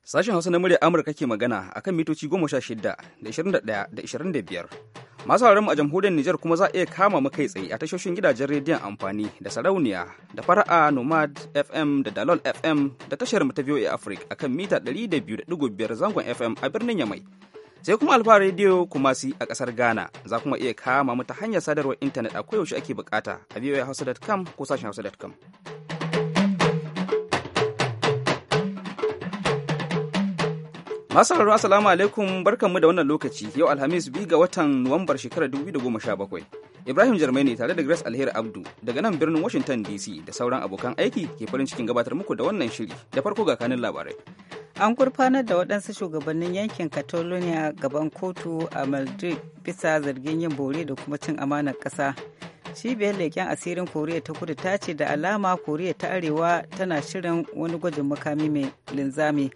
Sashen Hausa na murya Amurka ke magana akan mitoci 16 da 21 da 25. Masu mu a jamhuriyar Nijar kuma za a iya kama makai tsaye a tashoshin gidajen rediyon amfani da sarauniya da fara'a Nomad FM da Dalol FM da tashar mu ta VOA Africa akan mita 200.5 zangon FM a birnin Yamai. sai kuma alfa rediyo kuma si a kasar ghana za kuma iya kama mu ta hanyar sadarwar intanet a koyaushe ake bukata a voahausa.com ko sashen hausa.com masu Masarar Assalamu alaikum barkanmu da wannan lokaci yau Alhamis bi ga watan Nuwambar shekarar 2017. Ibrahim Jarmai ne tare da Grace Alheri Abdu daga nan birnin Washington DC da sauran abokan aiki ke farin cikin gabatar muku da wannan shiri da farko ga kanin labarai. An gurfanar da waɗansu shugabannin yankin Catalonia gaban kotu a Madrid bisa zargin yin bore da kuma cin amanar ƙasa. cibiyar leƙen asirin koriya ta kudu ta ce da alama koriya ta arewa tana shirin wani gwajin makami mai linzami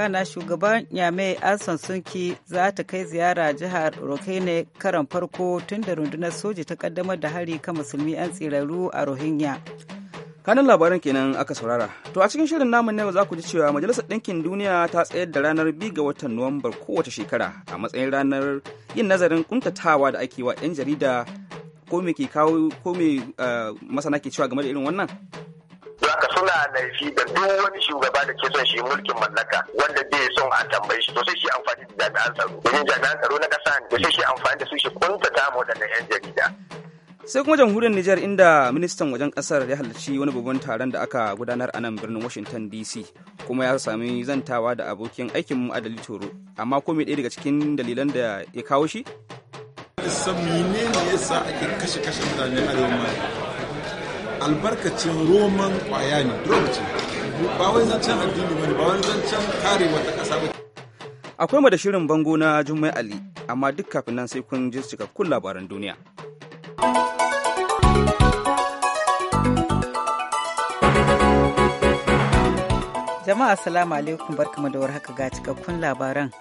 kana shugaban yame alson sunki za ta kai ziyara jihar rokaine karan farko tun da rundunar soja ta kaddamar da hari kan musulmi 'yan tsiraru a rohingya kanan labaran kenan aka saurara to a cikin shirin namun na yau za ku ji cewa majalisar ɗinkin duniya ta tsayar da ranar bi ga watan nuwambar kowace shekara a matsayin ranar yin nazarin kuntatawa da ake wa 'yan jarida ko me ke kawo ko me eh, masana ke cewa game da irin wannan haka suna laifi da duk wani shugaba da ke son shi mulkin mallaka wanda bai son a tambayi shi to sai shi amfani da jami'an tsaro domin jami'an tsaro na kasa da sai shi amfani da su shi kuntata mu da 'yan jarida sai kuma jamhuriyar Nijar inda ministan wajen kasar ya halarci wani babban taron da aka gudanar a nan birnin Washington DC kuma ya sami zantawa da abokin aikin Adali Toro amma ko me ɗaya daga cikin dalilan da ya kawo shi? ne ya yasa ake kashe kashe mutane a albarkacin roman kwaya ne drug ce ba wai zancen addini ba ne ba wai zancen kare wata ƙasa ba akwai mu da shirin bango na jummai ali amma duk kafin nan sai kun ji cikakkun labaran duniya jama'a salamu alaikum barkamu da warhaka ga cikakkun labaran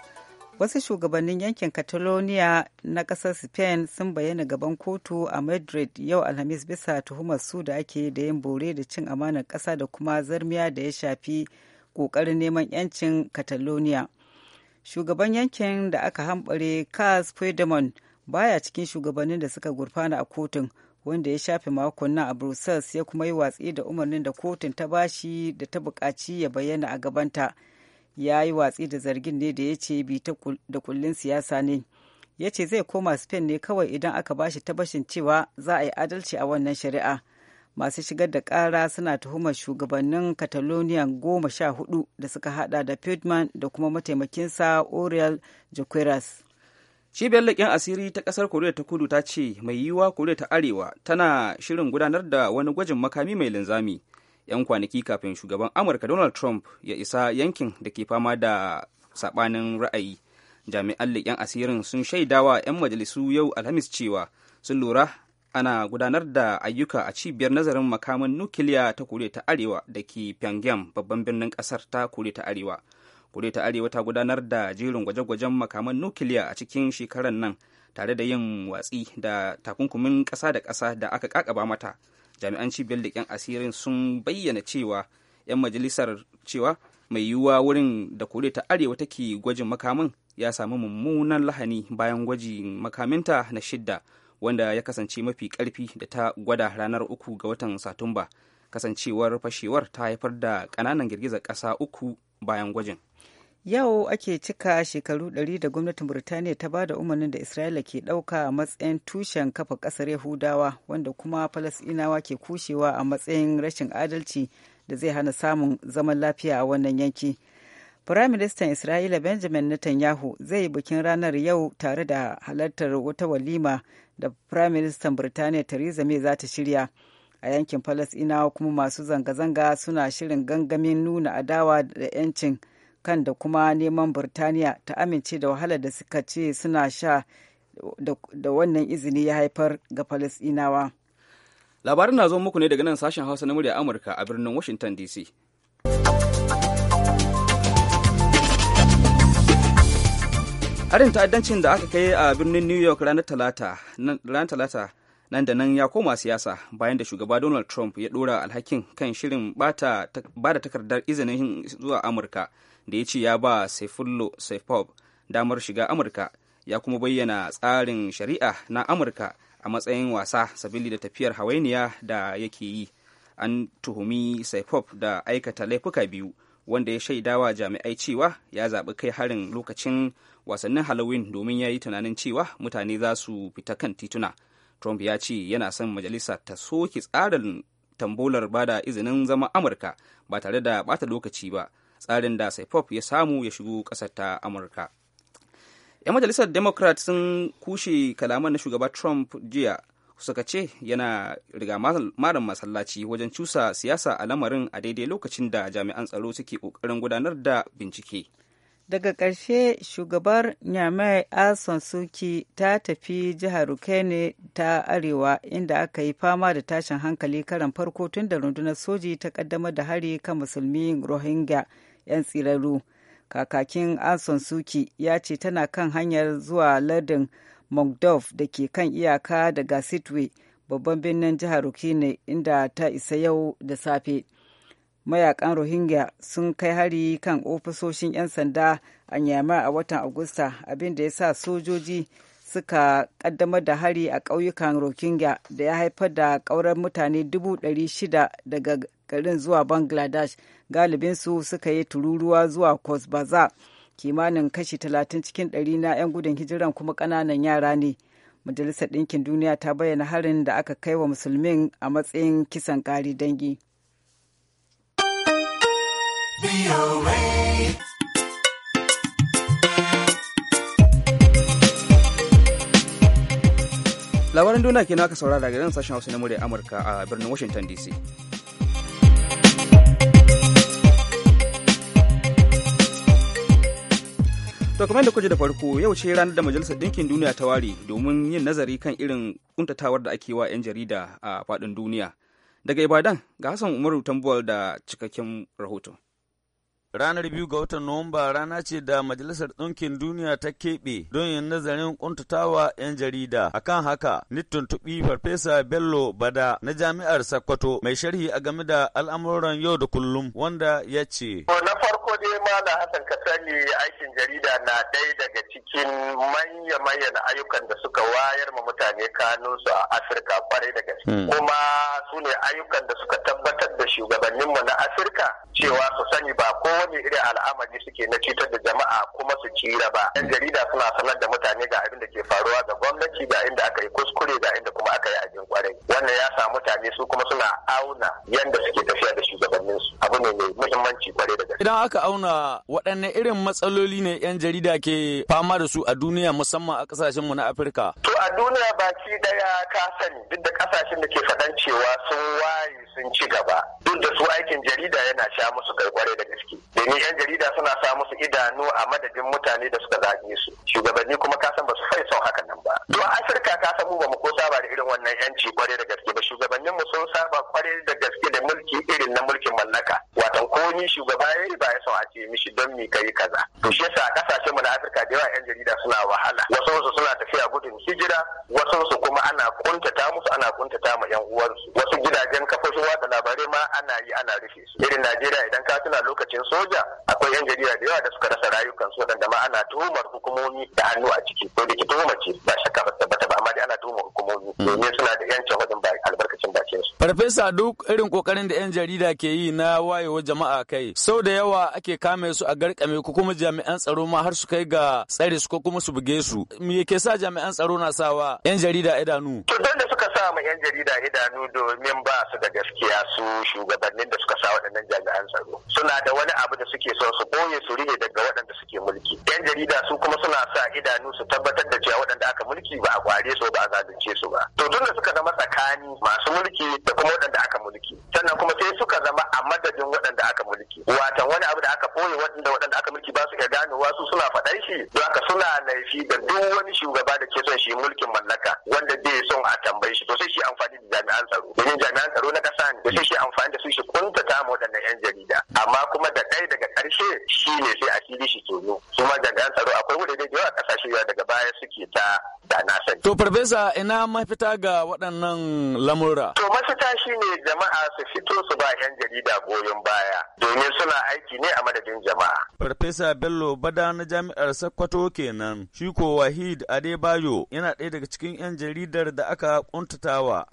wasu shugabannin yankin catalonia na kasar spain sun bayyana gaban kotu a madrid yau alhamis bisa tuhumar su da ake da yin bore da cin amanar kasa da kuma zarmiya da ya shafi kokarin neman 'yancin catalonia shugaban yankin da aka hambare cas puigdemont baya cikin shugabannin da suka gurfana a kotun wanda ya shafe makonna a brussels ya kuma yi watsi da umarnin da kotun ta bashi da ta bukaci ya bayyana a gabanta. ya yi watsi da zargin ne da ya ce bi da kullin siyasa ne ya ce zai koma spain ne kawai idan aka ba shi tabashin cewa za a yi adalci a wannan shari'a masu shigar da kara suna tuhumar shugabannin catalonia goma sha hudu da suka hada da piedmont da kuma mataimakinsa oriel jaqueras cibiyar leƙen asiri ta ƙasar koriya ta kudu ta ce mai yiwuwa koriya ta arewa tana shirin gudanar da wani gwajin makami mai linzami 'yan kwanaki kafin shugaban amurka donald trump ya isa yankin da ke fama da sabanin ra'ayi jami'an leƙen asirin sun shaidawa 'yan majalisu yau alhamis cewa sun lura ana gudanar da ayyuka a cibiyar nazarin makaman nukiliya ta koriya ta arewa da ke pyongyang babban birnin kasar ta koriya ta arewa koriya ta arewa ta gudanar da jerin gwaje-gwajen makaman nukiliya a cikin shekarar nan tare da yin watsi da takunkumin ƙasa da kasa da aka kakaba mata jami'an cibiyar yan asirin sun bayyana cewa 'yan majalisar cewa mai yiwuwa wurin da koriya ta arewa take gwajin makamin ya samu mummunan lahani bayan gwajin makaminta na shidda wanda ya kasance mafi karfi da ta gwada ranar uku ga watan satumba kasancewar fashewar ta haifar da ƙananan girgizar ƙasa uku bayan gwajin Yau ake cika shekaru ɗari da gwamnatin Burtaniya ta ba da umarnin da Isra'ila ke dauka a matsayin tushen kafa kasar Yahudawa wanda kuma falasinawa ke kushewa a matsayin rashin adalci da zai hana samun zaman lafiya a wannan yanki. Firaministan Isra'ila Benjamin Netanyahu zai yi bikin ranar yau tare da halartar wata walima da Firaministan Birtaniya Theresa May za ta shirya. A yankin falasinawa kuma masu zanga-zanga suna shirin gangamin nuna adawa da 'yancin kan da kuma neman Birtaniya ta amince da wahalar da suka ce suna sha da wannan izini ya haifar ga Falasɗinawa. Labarin na zo muku ne daga nan sashen Hausa na murya Amurka a birnin Washington DC. Harin ta'addancin da aka kai a birnin New York ranar Talata nan da nan ya koma siyasa bayan da shugaba Donald Trump ya ɗora alhakin kan shirin ba da takardar izinin zuwa Amurka da ya ce ya ba saifullo damar shiga amurka ya kuma bayyana tsarin shari'a na amurka a matsayin wasa sabili da tafiyar hawainiya da yake yi an tuhumi saipov da aikata laifuka biyu wanda ya shaidawa jami'ai cewa ya zaɓi kai harin lokacin wasannin halloween domin ya yi tunanin cewa mutane za su fita kan tituna trump ya ce yana son majalisa ta soke tsarin tambolar bada izinin zama amurka ba tare da bata lokaci ba tsarin da saipov ya samu ya shigo ƙasar ta amurka 'yan majalisar democrat sun kushe kalaman na shugaba trump jiya suka ce yana riga maran masallaci wajen cusa siyasa a lamarin a daidai lokacin da jami'an tsaro suke kokarin gudanar da bincike daga ƙarshe shugabar nyamai alson suki ta tafi jihar rukene ta arewa inda aka yi fama da tashin hankali karan farko tun da rundunar soji ta kaddamar da hari kan musulmi rohingya 'yan tsiraru kakakin anson suki ya ce tana kan hanyar zuwa lardin mongdov da ke kan iyaka daga sitwe babban birnin jihar Rakhine inda ta isa yau da safe. Mayakan Rohingya sun kai hari kan ofisoshin 'yan sanda a nyama a watan Agusta abinda ya sa sojoji suka kaddamar da hari a ƙauyukan Rohingya da ya haifar da ƙaurar mutane dubu ɗari shida daga garin zuwa Bangladesh galibinsu suka yi tururuwa zuwa Cox's Kimanin kashi talatin cikin ɗari na 'yan gudun hijiran kuma ƙananan yara ne. Majalisar Ɗinkin Duniya ta bayyana harin da aka kai wa musulmin a matsayin kisan ƙari dangi. labarin duniya kenan aka saurara daga nan sashen Hausa na murya Amurka a birnin Washington DC. To kamar da kuje da farko yau ce ranar da Majalisar dinkin Duniya ta ware domin yin nazari kan irin kuntatawar da ake wa 'yan jarida a faɗin duniya. Daga Ibadan ga Hassan Umaru Tambuwal da cikakken rahoto. Ranar biyu ga watan Nuwamba rana ce da Majalisar Ɗinkin Duniya ta keɓe don yin nazarin ƙuntatawa 'yan jarida. Akan haka, ni tuntuɓi Farfesa Bello Bada na Jami'ar Sokoto mai sharhi a game da al'amuran yau da kullum wanda ya ce. Na dai Malam Hassan Kasani aikin jarida na ɗaya daga cikin manya-manyan ayyukan da suka wayar ma mutane kanunsu a Afirka kwarai da gaske. Hmm. Kuma su ne ayyukan da suka tabbatar da shugabanninmu na Afirka cewa su sani ba kowane irin al'amari suke na cutar da jama'a kuma su kira ba. Yan jarida suna sanar da mutane ga abin da ke faruwa ga gwamnati ga inda aka yi kuskure ga inda kuma aka yi ajin kwarai. Wannan ya sa mutane su kuma suna auna yanda suke tafiya da shugabanninsu. Abu ne mai muhimmanci kwarai da gaske. Idan aka auna waɗanne irin matsaloli ne 'yan jarida ke fama da su a duniya musamman a kasashen mu na Afirka? To a duniya baki daya ka sani duk da kasashen da ke faɗan cewa sun waye sun ci gaba duk da su aikin jarida yana sha musu karkware da gaske. Domin 'yan jarida suna sa musu idanu a madadin mutane da suka zaɓe su. Shugabanni kuma ka san ba su fai son hakan nan ba. To a Afirka ka san mu ba mu ko saba da irin wannan 'yanci kware da gaske. ka kai kaza to shi yasa kasashen mu na Afirka da yawa yan jarida suna wahala wasu su suna tafiya gudun hijira wasu su kuma ana kuntata musu ana kuntata ma yan uwansu wasu gidajen kafofin watsa labarai ma ana yi ana rufe su irin Najeriya idan ka tuna lokacin soja akwai yan jarida da yawa da suka rasa rayukansu waɗanda ma ana tuhumar hukumomi da hannu a ciki to da ki tuhuma ce bisa duk irin kokarin da 'yan jarida ke yi na wayewa jama'a kai sau da yawa ake kame su a garkame ko kuma jami'an tsaro ma har su kai ga tsare su ko kuma su buge su me ke sa jami'an tsaro na sawa 'yan jarida idanu to da suka sa 'yan jarida idanu domin ba su da gaskiya su shugabannin da suka sa waɗannan jami'an tsaro suna da wani abu da suke so su boye su rige daga waɗanda suke mulki 'yan jarida su kuma suna sa idanu su tabbatar da mulki ba a gware su ba a zalunce su ba to tun da suka zama tsakani masu mulki da kuma waɗanda aka mulki sannan kuma sai suka zama a madadin waɗanda aka mulki watan wani abu da aka boye waɗanda waɗanda aka mulki ba su iya ganewa su suna faɗar shi don haka suna laifi da duk wani shugaba da ke son shi mulkin mallaka wanda zai son a tambaye shi to sai shi amfani da jami'an tsaro domin jami'an tsaro na ƙasa ne sai shi amfani da su shi kunta kama waɗannan 'yan jarida amma kuma da ɗaya daga ƙarshe shi ne sai asiri shi tono kuma ma jami'an tsaro akwai wurare da yawa ƙasashe yawa daga baya suke ta da na sani. To farfesa ina mafita ga waɗannan lamura? To mafita shi ne jama'a su fito su ba 'yan jarida goyon baya domin suna aiki ne a madadin jama'a. Farfesa Bello Bada na jami'ar Sokoto kenan shi ko Wahid Adebayo yana ɗaya daga cikin 'yan jaridar da aka ƙuntatawa.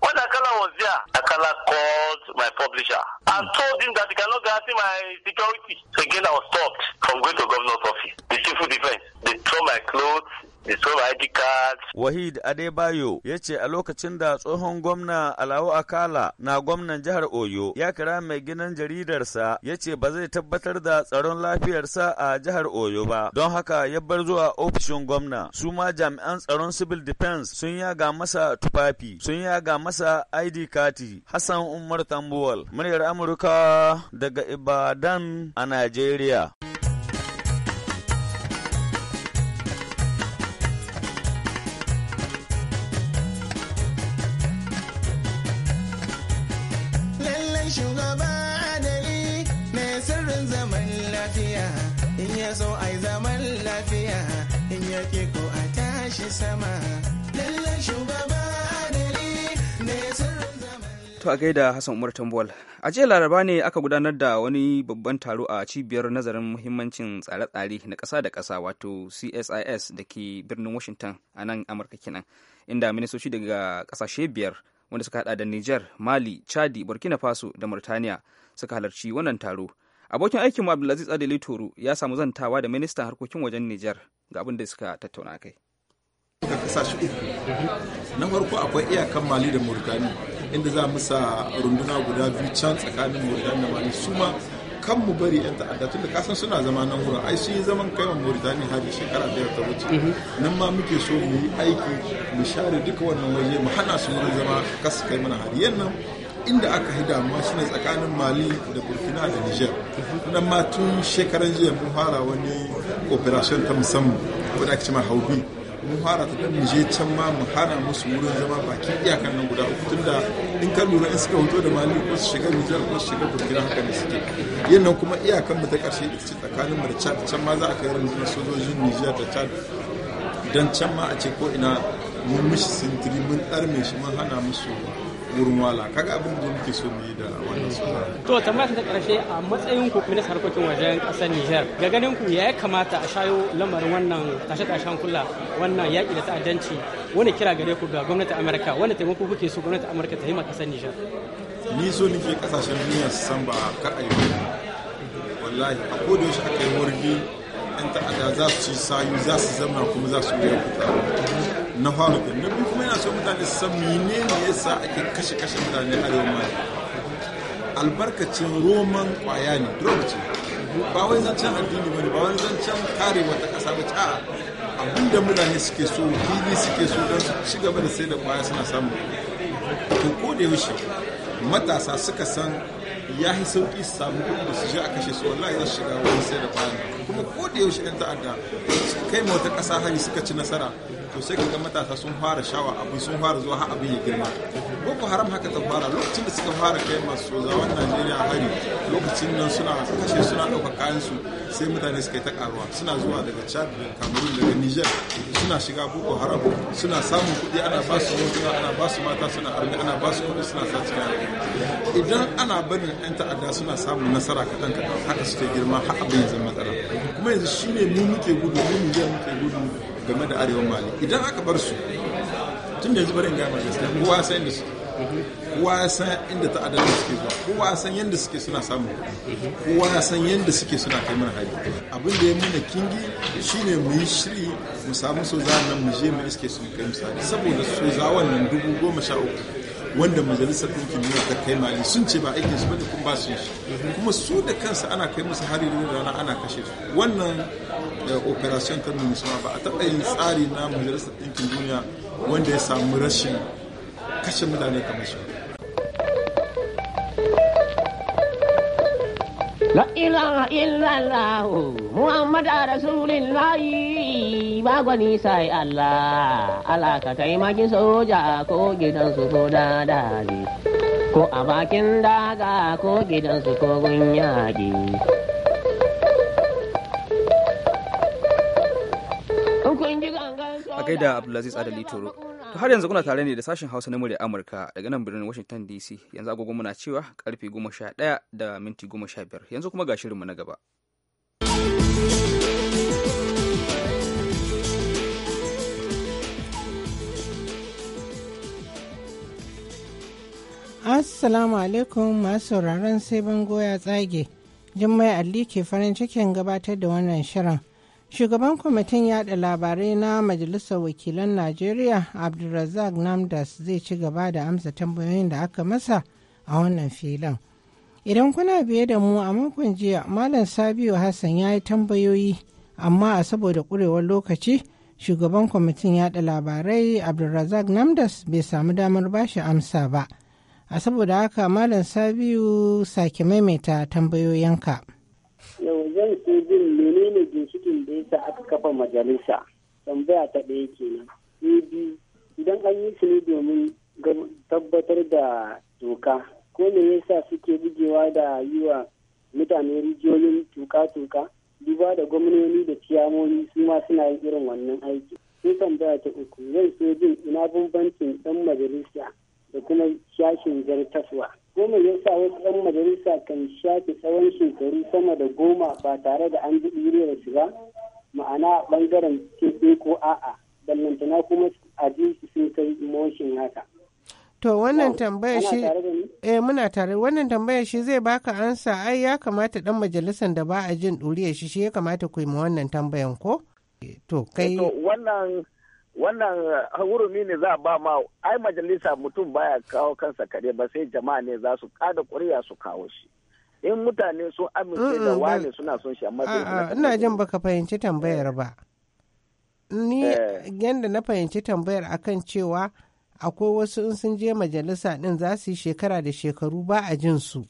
was there, Akala called my publisher and told him that he cannot guarantee my security. So again, I was stopped from going to governor's office. Wahid Adebayo ya ce a lokacin da tsohon gwamna Alawo Akala na gwamnan jihar Oyo ya kira mai ginin jaridarsa ya ce ba zai tabbatar da tsaron lafiyarsa a jihar Oyo ba don haka ya bar zuwa ofishin gwamna su ma jami'an tsaron civil defense sun yaga masa tufafi sun yaga masa ID kati Hassan Umar Tambuwal muryar Amurka daga Ibadan a Najeriya. sama. shugaba ne a gaida Hassan Umar tambuwal A jiya Laraba ne aka gudanar da wani babban taro a cibiyar nazarin muhimmancin tsare-tsare na ƙasa da kasa wato CSIS da ke birnin Washington a nan Amurka kenan. Inda ministoci daga ƙasashe biyar wanda suka hada da Niger, Mali, Chadi, Burkina Faso da Murtaniya suka halarci wannan taro. Abokin aikinmu Abdulaziz Adele Toro ya samu zantawa da ministan harkokin wajen Niger ga abin da suka tattauna kai. Ka kasa shi uku. Na farko akwai iyakan Mali da murgani inda za mu sa runduna guda biyu can tsakanin murgani da Mali su ma kan mu bari yan ta'adda da kasan suna zama nan wurin ai shi zaman kai murgani har hari shekara biyar ta wuce mhm. nan ma muke so mu yi aiki mu share duka wannan waje mu hana su wurin zama kasu kai mana hari nan inda aka yi damuwa shine tsakanin mali da burkina da niger mhm. nan ma tun shekaran jiya mun fara wani operation ta musamman wadda ake cewa haubi mun fara ta dan je can ma mu hana musu wurin zama baki iyakar nan guda uku tunda in ka lura in suka hoto da mali ko su shiga Nijar ko su shiga Burkina haka ne suke yin nan kuma iyakar mu ta karshe ita ce tsakanin mu da Chad can ma za a kai rundunar sojojin Nijar da Chad dan can ma a ce ko ina mun mishi sintiri mun tsarme shi mun hana musu wurin kaga abin da muke so mu yi da wannan suna to tambaya ta karshe a matsayin ku ministan harkokin wajen kasar Niger ga ganin ku ya kamata a shayo lamarin wannan tashe-tashen kula wannan yaki da ta'addanci wani kira gare ku ga gwamnatin Amurka wani taimako kuke so gwamnatin Amerika ta yi ma kasar Niger ni so nake kasashen duniya su san ba ka a wallahi a kodin shi aka yi wargi yan ta'adda za su ci sayu za su zama kuma za su yi na fara da ina so mutane su san mene ne yasa ake kashe kashe mutane arewa mali albarkacin roman kwaya ne drug ce ba wai zancen addini ba ne ba wani zancen kare wata kasa ba ta abinda mutane suke so fili suke so don su ci gaba da sai da kwaya suna samu to ko da yaushe matasa suka san ya yi sauki su samu kuɗi da su je a kashe su wallahi za su shiga wani sai da bayan kuma ko da yaushe 'yan ta'adda su kai ma wata ƙasa hari suka ci nasara to sai ka ga matasa sun fara shawa abin sun fara zuwa har abin ya girma boko haram haka ta fara lokacin da suka fara kai masu sozawan najeriya hari lokacin nan suna kashe suna ɗauka kayansu sai mutane suka yi ta karuwa suna zuwa daga chad da cameroon daga niger suna shiga boko haram suna samun kuɗi ana ba su hotuna ana ba su mata suna armi ana ba su kuɗi suna sa cikin idan ana barin yan ta'adda suna samun nasara kaɗan kaɗan haka suke girma har abin yanzu matsala kuma yanzu ne mu muke gudu mu muke gudu game da arewa mali idan aka bar su tun da yanzu barin gama gaskiya kowa sai da su kowa ya san inda ta'addan suke zuwa kowa ya san yadda suke suna samun kuɗi kowa ya san yadda suke suna kai mana hari abin da ya muna kingi shine mu yi shiri mu samu soza nan mu je mu iske su kai misali saboda sozawan nan dubu goma sha uku wanda majalisar ɗinkin duniya ta kai mali sun ce ba aikin su bane kuma ba su shi kuma su da kansu ana kai musu hari da rana ana kashe su wannan eh, operation ta nuna ba a taɓa yin tsari na majalisar ɗinkin duniya wanda ya samu rashin kashe mutane kamar shi. La ilaha illallah Muhammad Rasulullah ba gwani sai Allah Allah ka taimaki soja ko gidan su ko dadali ko a bakin daga ko gidan su ko gunyaki A gaida Abdulaziz Adali Toro har yanzu kuna tare ne da sashen hausa na murya amurka daga nan birnin washington dc yanzu agogo muna cewa karfe 11 da minti 15 yanzu kuma ga shirinmu na gaba assalamu alaikum masu sauraron sai bango ya tsage jummai alli ke farin cikin gabatar da wannan shirin shugaban kwamitin yada labarai na majalisar wakilan najeriya abdulrazak namdas zai ci gaba da amsa tambayoyin da aka masa a wannan filin idan kuna biye da mu a makon jiya malam sabiu hassan ya yi tambayoyi amma a saboda kurewar lokaci shugaban kwamitin yada labarai abdulrazak namdas bai samu damar bashi amsa ba a saboda haka malam sabiu sake maimaita tambayoyinka yasa aka kafa majalisa tambaya ta ɗaya kenan na biyu idan an yi su ne domin tabbatar da doka ko me yasa suke bugewa da yi wa mutane rijiyoyin tuka-tuka duba da gwamnoni da ciyamoni su ma suna yi irin wannan aiki sai tambaya ta uku zai so jin ina bambancin ɗan majalisa da kuma shashin zartaswa ko me yasa wasu ɗan majalisa kan shafe tsawon shekaru sama da goma ba tare da an ji su ba ma'ana bangaren ke ko a'a ballantana kuma a ji sun kai motion haka To wannan tambaya shi eh muna tare wannan tambaya shi zai baka ansa ai ya kamata dan majalisar da ba a jin ɗuriyar shi shi ya kamata ku yi ma wannan tambayan ko? To kai eh, wannan wannan hurumi ah, ne za a ba ma ai majalisa mutum baya kawo kansa kare ba sai jama'a ne za su kada ƙuri'a su kawo shi. in mutane sun amince da wane suna son shi amma ina jin baka fahimci tambayar ba ni eh. yadda na fahimci tambayar akan cewa akwai wasu in sun je majalisa din za su yi shekara da shekaru ba a jin su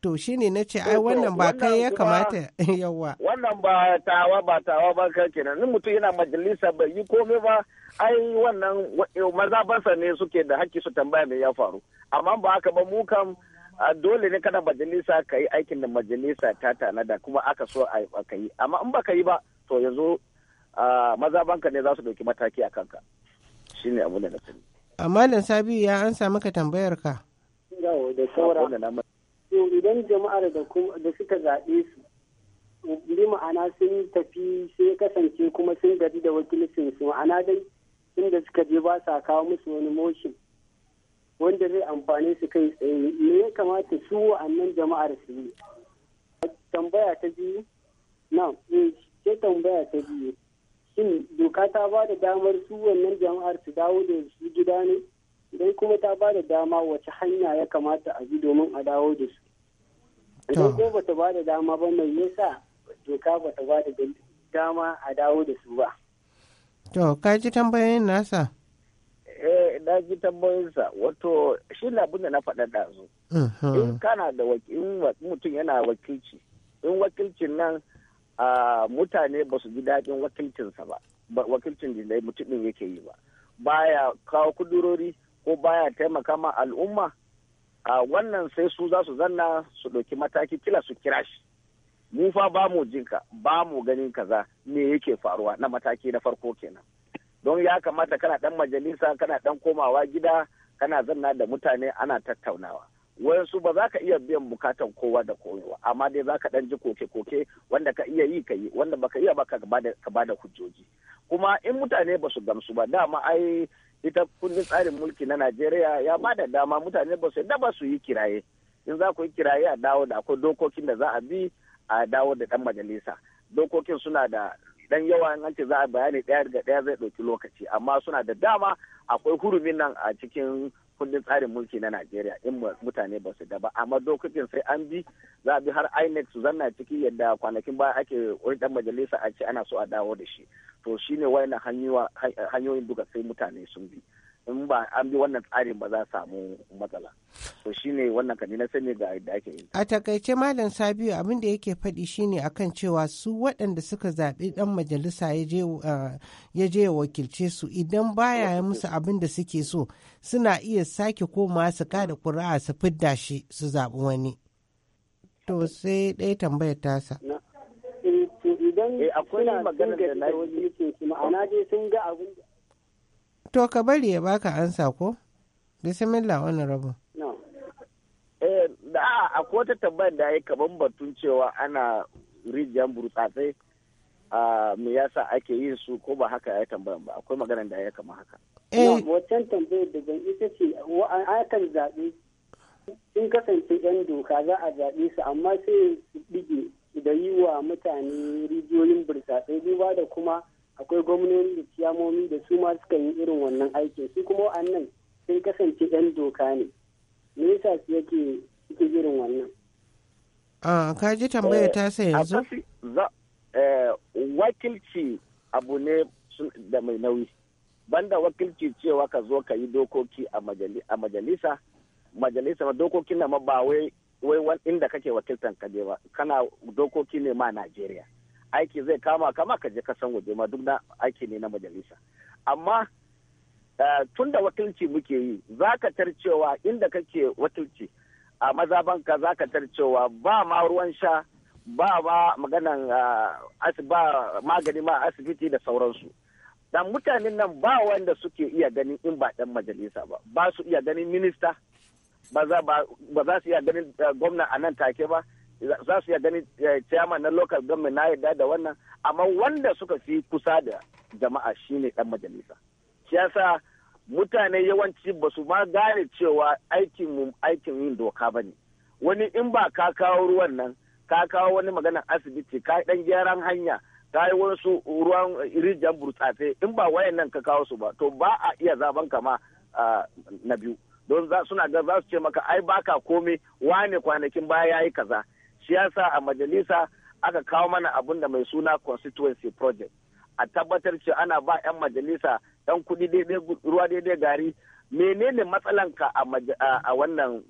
to shine na ce ai eh, wannan ba kai ya kamata yawa wannan ba tawa ba tawa ba kai kenan in mutum yana majalisa bai yi komai ba ai wannan eh, mazabansa ne suke da hakki su tambaya me ya faru amma ba haka ba mu kam a dole ne kana majalisa ka yi aikin da majalisa ta tanada kuma aka so a ka yi amma in baka yi ba to yanzu maza banka ne za su ɗauki mataki a kanka ne abu da na sani amma da sabi ya an samu ka tambayar ka da saura idan jama'ar da suka zaɓe su bi ma'ana sun tafi sai kasance kuma sun gari da wakilcin su ma'ana dai inda suka je ba sa kawo musu wani motion wanda zai amfani su kai tsaye me ya kamata su wa'annan jama'ar su yi tambaya ta biyu na ke eh, tambaya ta biyu shin doka ta ba da damar su wannan jama'ar su dawo da su gida ne dai kuma ta ba da dama wace hanya ya kamata a bi domin a dawo da su idan ko ba ba da dama ba mai yasa doka ba ta ba da dama a dawo da su ba to ka ji tambayoyin nasa Eh, na ji tambayinsa wato shi na abin da na faɗa ɗazu. In kana da mutum yana wakilci in wakilcin nan mutane ba su ji daɗin wakilcinsa ba wakilcin da mutumin yake yi ba baya kawo kudurori ko baya taimaka ma al'umma a wannan sai su za su zanna su ɗauki mataki kila su kira shi mu fa ba mu jinka ba mu ganin kaza me yake faruwa na mataki na farko kenan don ya kamata kana dan majalisa kana dan komawa gida kana zanna da mutane ana tattaunawa wayansu ba za ka iya biyan bukatan kowa da kowa amma dai za ka dan ji koke-koke wanda ka iya yi ka yi wanda baka iya ba ka bada hujjoji kuma in mutane ba su gamsu ba dama ai ita kundin tsarin mulki na najeriya ya ba da dama mutane ba su yadda ba su yi kiraye in za ku yi kiraye a dawo da akwai dokokin da za a bi a dawo da dan majalisa dokokin suna da dan yawa in ce za a bayani daya daga daya zai ɗauki lokaci amma suna da dama akwai hurumin nan a cikin kundin tsarin mulki na Najeriya in mutane ba su da ba amma dokokin sai an bi za a bi har INEC su zanna ciki yadda kwanakin baya ake wurin dan majalisa a ce ana so a dawo da shi to shine wayannan hanyoyin duka sai mutane sun bi in ba an bi wannan tsarin ba za a samu matsala to shine wannan kan na sani ga yadda ake yi a takaice malam sabiu abin da yake faɗi shine akan cewa su waɗanda suka zaɓi ɗan majalisa ya je uh, ya wakilce su idan baya ya musu abin da suke so suna iya sake koma su kada ƙuri'a su fidda shi su zaɓi wani to sai ɗaya tambayar tasa eh, idan eh, suna magana da wani ma'ana sun ga abin da To ka bari ya baka ansa ko? Bismillah wani rabu. Eh, da a ko ta tabbar da ya kaban batun cewa ana rijiyar burtsatsai me yasa ake yin su ko ba haka ya tambayan ba akwai maganar da ya kama haka. Eh. Wancan tambayar da zan ita ce akan zaɓe sun kasance 'yan doka za a zaɓe su amma sai su ɗige da yi wa mutane rijiyoyin burtsatsai duba da kuma akwai gwamnoni da ciyamomi da su ma suka yi irin wannan aikin su kuma wa'annan sun kasance 'yan doka ne me yasa su yake suke irin wannan a ah, ka ji tambaya ta sai eh, yanzu eh, wakilci abu ne da mai nauyi banda wakilci cewa ka zo ka yi dokoki a majalisa majalisa ma dokokin na ba wai wai inda kake wakiltan ka ba kana dokoki ne ma Najeriya aiki zai kama kama ka je kasan waje ma duk na aiki ne na majalisa amma eh, tun da wakilci muke yi za ka tar cewa inda kake wakilci a ka za ka tar cewa ba ma ruwan sha ba ma maganan eh, ba magani ma asibiti da sauransu dan mutanen nan ba wanda suke iya ganin in ba dan majalisa ba ba su iya ganin minista ba za su iya ganin eh, gwamna a nan take ba za su iya gani eh, chairman na local government na yarda da wannan amma wanda suka fi kusa da jama'a shine dan majalisa shi yasa mutane yawanci ba su ma gane cewa aikin mu aikin yin doka bane wani in ba ka kawo ruwan nan ka kawo wani maganan asibiti ka dan gyaran hanya ka yi wasu ruwan eh, rijiyar burtsatse in ba wayan nan ka kawo su ba to ba a iya zaben kama na biyu don suna ga za su ce maka ai baka komai wane kwanakin baya yayi kaza siyasa a majalisa aka kawo mana abun da mai suna constituency project a tabbatar cewa ana ba 'yan majalisa 'yan kudi daidai ruwa daidai gari menene matsalanka a wannan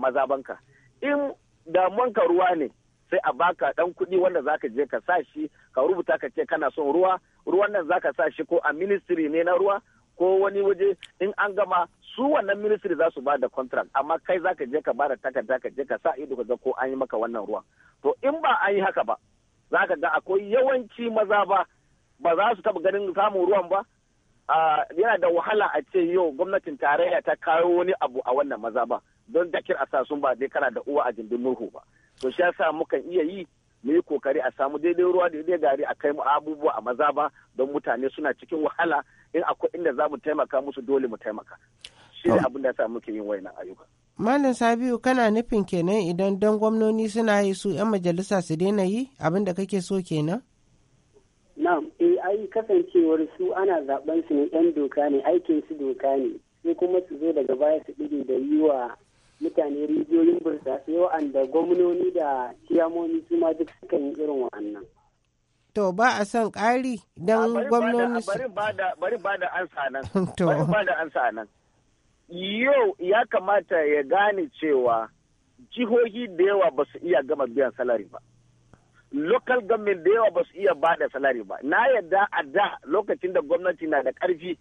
mazabanka in damuwanka ruwa ne sai a baka dan kudi wanda zaka je ka sa shi ka rubuta ka ce kana son ruwa ruwan nan zaka sa shi ko a ministry ne na ruwa ko wani waje in an gama su wannan ministry za su ba da contract amma kai za ka je ka ba da takarda ka je ka sa ido ka ga ko an yi maka wannan ruwan to in ba an yi haka ba za ka ga akwai yawanci maza ba ba za su taba ganin samun ruwan ba yana da wahala a ce yau gwamnatin tarayya ta kawo wani abu a wannan maza ba don dakir a sasun ba dai kana da uwa a jindin murhu ba to shi yasa mukan iya yi mu yi kokari a samu daidai ruwa daidai gari a kai mu abubuwa a maza ba don mutane suna cikin wahala in akwai inda za mu taimaka musu dole mu taimaka shi ne oh. abin da ya sa muke yin wayan ayyuka Malam Sabiu kana nufin kenan idan don gwamnoni suna yi su 'yan majalisa su daina yi abin da kake so kenan? Na'am, eh ai kasancewar su ana zaben su ne 'yan doka ne, aikin su doka ne, sai kuma su zo daga baya su ɗige da yi wa mutane rijiyoyin burtsa sai wa'anda gwamnoni da ciyamoni su ma duk sukan yi irin wa'annan. To ba a son ƙari don gwamnoni su. Bari ba da ansa nan. Bari ba da ansa nan. Yau ya kamata ya gane cewa jihohi da yawa ba su iya gama biyan salari ba. Local government da yawa ba su iya ba da salari ba. Na yadda a da lokacin da gwamnati na da ƙarfi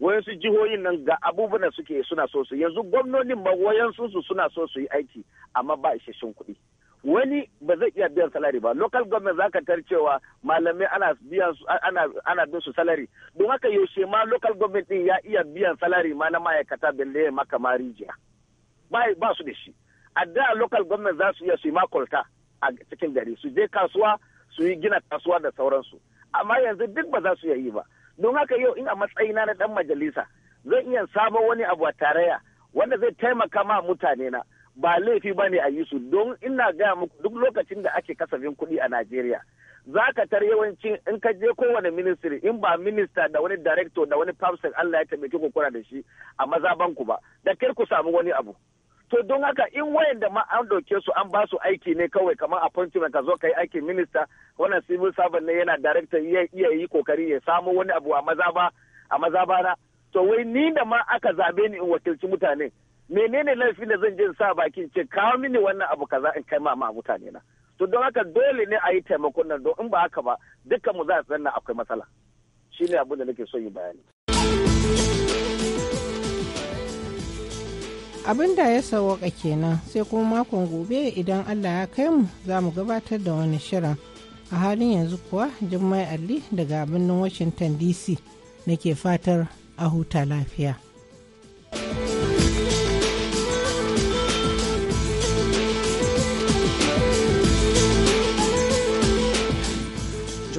wayansu jihohin nan ga abubuwan suke suna so su yanzu gwamnonin ba wayansu su suna so su yi aiki amma ba isasshen kuɗi. wani ba zai iya biyan salari ba local government zaka tar cewa malamai ana biyan ana ana bin su salari don haka yaushe ma local government din ya iya biyan salari ma na ma'aikata belle maka ma rijiya ba su da shi a da local government za su iya su yi makolta a cikin gari su je kasuwa su yi gina kasuwa da sauransu amma yanzu duk ba za su iya yi ba don haka yau in a matsayina na dan majalisa zan iya samo wani abu a tarayya wanda zai taimaka ma mutane na ba laifi ba ne a yi su don ina gaya muku duk lokacin da ake kasafin kuɗi a Najeriya. Za ka tar yawancin in ka je kowane ministry in ba minista da wani director da wani papsir Allah ya taimake ku kura da shi a maza banku ba da kar ku samu wani abu. To don haka in wayan da ma an ɗauke su an ba su aiki ne kawai kamar a appointment ka zo ka yi aikin minista wannan civil servant ne yana director iya yi kokari ya samu wani abu a mazaba a na. To wai ni da ma aka zabe ni in wakilci mutane. menene laifin da zan je sa bakin ce kawo mini wannan abu kaza in kai mama mutane na to don haka dole ne a yi taimakon nan don in ba haka ba dukkan mu za a na akwai matsala shine abin da nake so yi bayani abin da ya sawaka kenan sai kuma makon gobe idan allah ya kai mu za mu gabatar da wani shirin a halin yanzu kuwa jummai ali daga birnin washington dc nake fatar a huta lafiya. thank you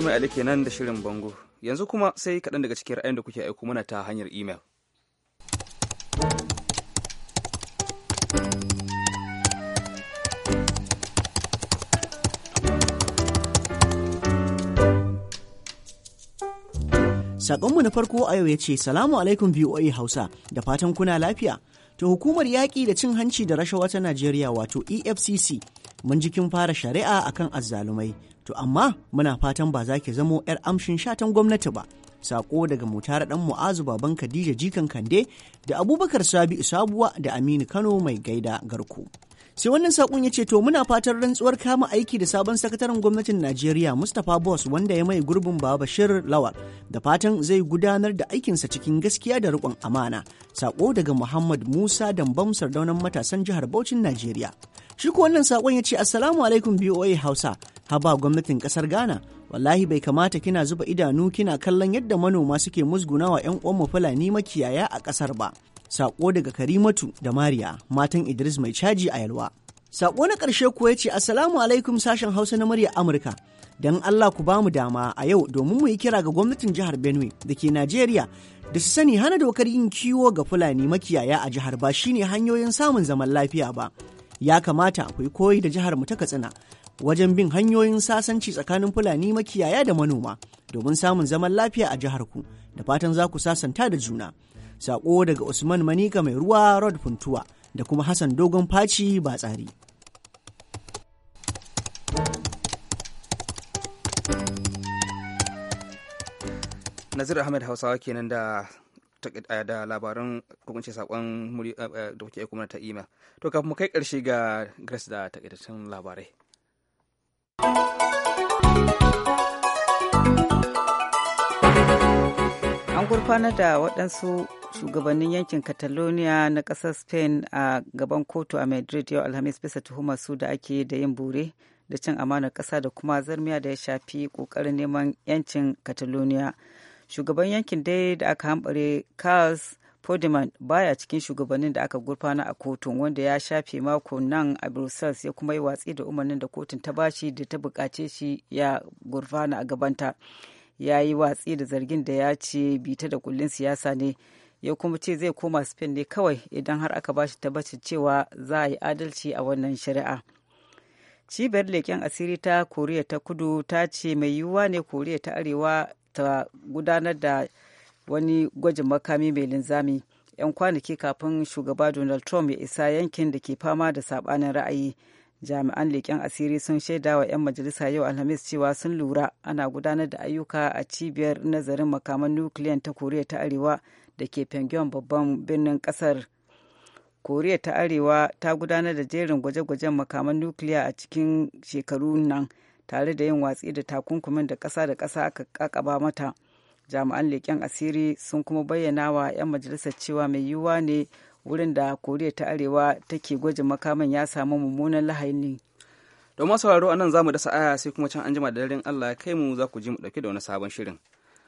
Jummai Ali kenan da shirin bango. Yanzu kuma sai kaɗan daga cikin ra'ayin da kuke aiko mana ta hanyar imel. saƙonmu na farko a yau ya ce, Salamu alaikum VOA Hausa, da fatan kuna lafiya. To hukumar yaƙi da cin hanci da rashawa ta Najeriya wato EFCC, mun jikin fara shari'a akan azzalumai To amma muna fatan ba za ki zamo 'yar amshin shatan gwamnati ba. Sako daga mutare dan Mu'azu baban Khadija Jikan Kande da Abubakar Sabi Sabuwa da Aminu Kano mai gaida garku. sai wannan sakon ya ce to muna fatan rantsuwar kama aiki da sabon sakataren gwamnatin najeriya mustapha boss wanda ya mai gurbin baba shir lawal da fatan zai gudanar da aikinsa cikin gaskiya da riƙon amana sako daga muhammad musa dambam sardaunan matasan jihar Bauchin najeriya shi ko wannan sakon ya ce assalamu alaikum boa hausa haba gwamnatin kasar ghana wallahi bai kamata kina zuba idanu kina kallon yadda manoma suke musgunawa 'yan uwanmu fulani makiyaya a kasar ba Saƙo daga karimatu da mariya matan idris mai caji a yalwa Saƙo na ƙarshe kuwa ya ce assalamu alaikum sashen hausa na murya amurka don allah ku bamu dama a yau domin mu yi kira ga gwamnatin jihar benue da ke najeriya da su sani hana dokar yin kiwo ga fulani makiyaya a jihar ba shine hanyoyin samun zaman lafiya ba ya kamata ku koyi da jihar mu ta katsina wajen bin hanyoyin sasanci tsakanin Fulani makiyaya da manoma domin samun zaman lafiya a jihar ku da fatan za ku sasanta da juna. Sako daga Usman Manika mai ruwa Rod Funtuwa da kuma Hassan Dogon Faci ba tsari. Nazir Ahmed Hausawa kenan da eh, da labaran hukunci sakon eh, da kuke kuma ta ima To kafin mu kai karshe ga Grace da takaitaccen labarai. An gurfanar da waɗansu shugabannin yankin Catalonia na ƙasar Spain a gaban kotu a Madrid yau Alhamis bisa tuhumar su da ake da yin bure da cin amanar ƙasa da kuma zarmiya da ya shafi ƙoƙarin neman yancin Catalonia. Shugaban yankin dai da aka hambare Carles Podiman baya cikin shugabannin da aka gurfana a kotun wanda ya shafe mako nan a Brussels ya kuma yi watsi da umarnin da kotun ta bashi da ta bukace shi ya gurfana a gabanta. Ya yi watsi da zargin da ya ce bita da kullun siyasa ne ya kuma ce zai koma Spain ne kawai idan har aka bashi tabbacin cewa za a yi adalci a wannan shari'a. Cibiyar leƙen asiri ta Koriya ta Kudu ta ce mai yiwuwa ne Koriya ta Arewa ta gudanar da wani gwajin makami mai linzami 'yan kwanaki kafin shugaba donald trump ya isa yankin da ke fama da sabanin ra'ayi jami'an leƙen asiri sun shaida wa 'yan majalisa yau alhamis cewa sun lura ana gudanar da ayyuka a cibiyar nazarin makaman nukiliyan ta koriya ta arewa da ke pyongyang babban birnin kasar koriya ta arewa ta gudanar da jerin gwaje-gwajen makaman nukiliya a cikin shekaru nan tare da yin watsi da takunkumin da ƙasa da ƙasa aka kakaba mata jami'an leƙen asiri sun kuma bayyana wa 'yan majalisar cewa mai yiwuwa ne wurin da koriya ta arewa take gwajin makaman ya samu mummunan lahani domin sauraro anan zamu dasa aya sai kuma can anjima da daren allah kai mu za ku ji mu dauke da wani sabon shirin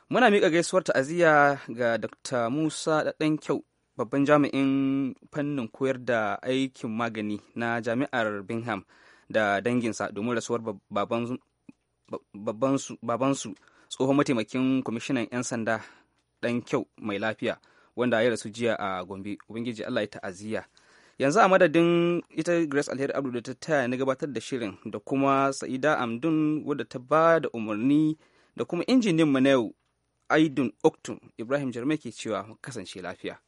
muna miƙa gaisuwar ta'aziyya ga dr musa daɗan kyau babban jami'in fannin koyar da aikin magani na jami'ar bingham da danginsa domin rasuwar babansu tsohon mataimakin kwamishinan 'yan sanda dan kyau mai lafiya wanda ya rasu jiya a gombe ubangiji allah ya ta'aziyya yanzu a madadin ita grace alheri abdu da ta taya na gabatar da shirin da kuma sa'ida amdun wadda ta ba da umarni da kuma injinin mu na yau aidun oktun ibrahim jarme ke cewa kasance lafiya